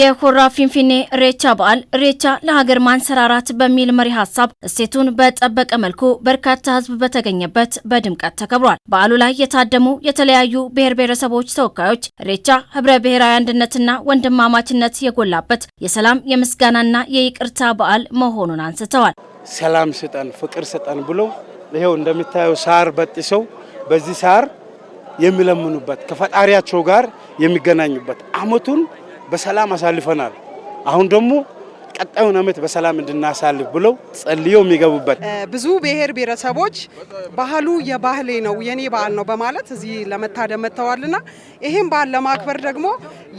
የሆራ ፊንፊኔ ሬቻ በዓል ሬቻ ለሀገር ማንሰራራት በሚል መሪ ሀሳብ እሴቱን በጠበቀ መልኩ በርካታ ሕዝብ በተገኘበት በድምቀት ተከብሯል። በዓሉ ላይ የታደሙ የተለያዩ ብሔር ብሔረሰቦች ተወካዮች ሬቻ ህብረ ብሔራዊ አንድነትና ወንድማማችነት የጎላበት የሰላም የምስጋናና የይቅርታ በዓል መሆኑን አንስተዋል። ሰላም ስጠን፣ ፍቅር ስጠን ብሎ ይኸው እንደሚታየው ሳር በጥሰው በዚህ ሳር የሚለምኑበት ከፈጣሪያቸው ጋር የሚገናኙበት አመቱን በሰላም አሳልፈናል። አሁን ደግሞ ቀጣዩን ዓመት በሰላም እንድናሳልፍ ብለው ጸልየው የሚገቡበት ብዙ ብሔር ብሔረሰቦች ባህሉ የባህሌ ነው የኔ በዓል ነው በማለት እዚህ ለመታደም መጥተዋልና ይህም በዓል ለማክበር ደግሞ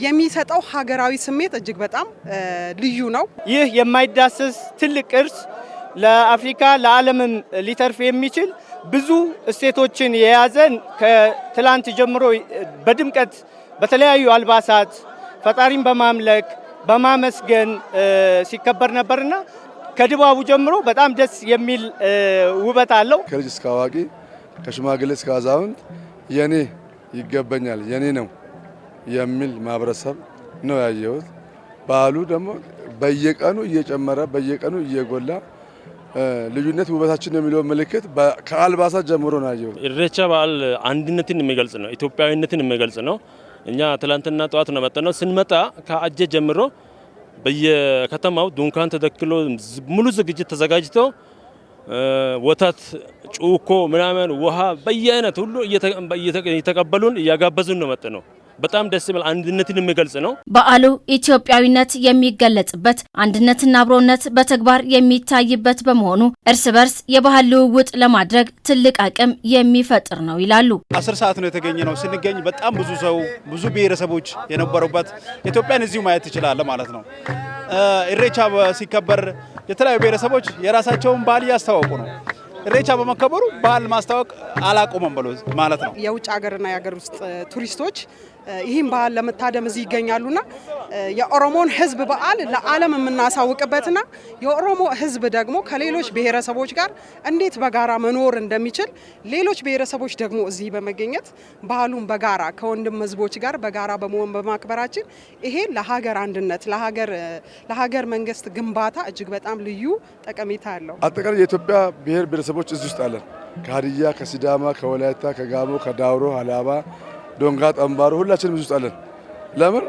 የሚሰጠው ሀገራዊ ስሜት እጅግ በጣም ልዩ ነው። ይህ የማይዳሰስ ትልቅ ቅርስ ለአፍሪካ ለዓለምም ሊተርፍ የሚችል ብዙ እሴቶችን የያዘን ከትላንት ጀምሮ በድምቀት በተለያዩ አልባሳት ፈጣሪን በማምለክ በማመስገን ሲከበር ነበርና ከድባቡ ጀምሮ በጣም ደስ የሚል ውበት አለው። ከልጅ እስከ አዋቂ ከሽማግሌ እስከ አዛውንት የኔ ይገባኛል የኔ ነው የሚል ማህበረሰብ ነው ያየሁት። ባህሉ ደግሞ በየቀኑ እየጨመረ በየቀኑ እየጎላ ልዩነት ውበታችን የሚለው ምልክት ከአልባሳት ጀምሮ ነው ያየሁት። ኢሬቻ በዓል አንድነትን የሚገልጽ ነው፣ ኢትዮጵያዊነትን የሚገልጽ ነው። እኛ ትላንትና ጠዋት ነው መጣነው። ስንመጣ ከአጀ ጀምሮ በየከተማው ዱንካን ተደክሎ ሙሉ ዝግጅት ተዘጋጅቶ ወተት፣ ጩኮ ምናምን ውሃ በየአይነት ሁሉ እየተቀበሉን እያጋበዙን ነው መጣነው። በጣም ደስ የሚል አንድነትን የሚገልጽ ነው። በዓሉ ኢትዮጵያዊነት የሚገለጽበት አንድነትና አብሮነት በተግባር የሚታይበት በመሆኑ እርስ በርስ የባህል ልውውጥ ለማድረግ ትልቅ አቅም የሚፈጥር ነው ይላሉ። አስር ሰዓት ነው የተገኘ ነው። ስንገኝ በጣም ብዙ ሰው ብዙ ብሔረሰቦች የነበሩበት ኢትዮጵያን እዚሁ ማየት ትችላለ ማለት ነው። እሬቻ ሲከበር የተለያዩ ብሔረሰቦች የራሳቸውን ባህል እያስተዋውቁ ነው ሬቻ በመከበሩ ባህል ማስታወቅ አላቆመም ብሎ ማለት ነው። የውጭ ሀገርና የሀገር ውስጥ ቱሪስቶች ይህም ባህል ለመታደም እዚህ ይገኛሉና የኦሮሞን ህዝብ በዓል ለዓለም የምናሳውቅበትና የኦሮሞ ህዝብ ደግሞ ከሌሎች ብሔረሰቦች ጋር እንዴት በጋራ መኖር እንደሚችል ሌሎች ብሔረሰቦች ደግሞ እዚህ በመገኘት ባህሉን በጋራ ከወንድም ህዝቦች ጋር በጋራ በመሆን በማክበራችን ይሄ ለሀገር አንድነት ለሀገር መንግስት ግንባታ እጅግ በጣም ልዩ ጠቀሜታ አለው። አጠቃላይ የኢትዮጵያ ብሔር ብሔረሰቦች እዚህ ውስጥ አለን። ከሀዲያ፣ ከሲዳማ፣ ከወላይታ፣ ከጋሞ፣ ከዳውሮ፣ ሀላባ፣ ዶንጋ፣ ጠንባሮ ሁላችንም እዚህ ውስጥ አለን። ለምን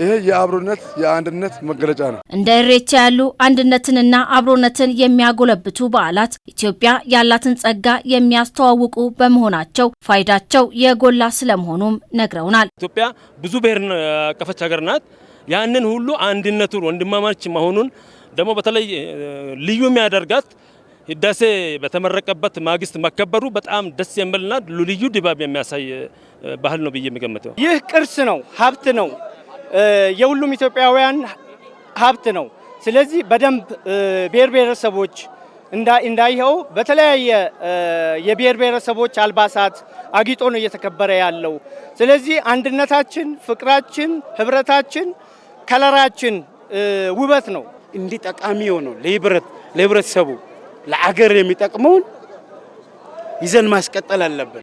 ይሄ የአብሮነት የአንድነት መገለጫ ነው። እንደ እሬቻ ያሉ አንድነትንና አብሮነትን የሚያጎለብቱ በዓላት ኢትዮጵያ ያላትን ጸጋ የሚያስተዋውቁ በመሆናቸው ፋይዳቸው የጎላ ስለመሆኑም ነግረውናል። ኢትዮጵያ ብዙ ብሔር ቀፈች ሀገር ናት። ያንን ሁሉ አንድነቱን ወንድማማች መሆኑን ደግሞ በተለይ ልዩ የሚያደርጋት ህዳሴ በተመረቀበት ማግስት መከበሩ በጣም ደስ የሚልና ልዩ ድባብ የሚያሳይ ባህል ነው ብዬ የሚገምተው ይህ ቅርስ ነው፣ ሀብት ነው የሁሉም ኢትዮጵያውያን ሀብት ነው። ስለዚህ በደንብ ብሔር ብሔረሰቦች እንዳይኸው በተለያየ የብሔር ብሔረሰቦች አልባሳት አጊጦ ነው እየተከበረ ያለው። ስለዚህ አንድነታችን፣ ፍቅራችን፣ ህብረታችን፣ ከለራችን ውበት ነው። እንዲህ ጠቃሚ የሆነው ለህብረተሰቡ ለአገር የሚጠቅመውን ይዘን ማስቀጠል አለብን።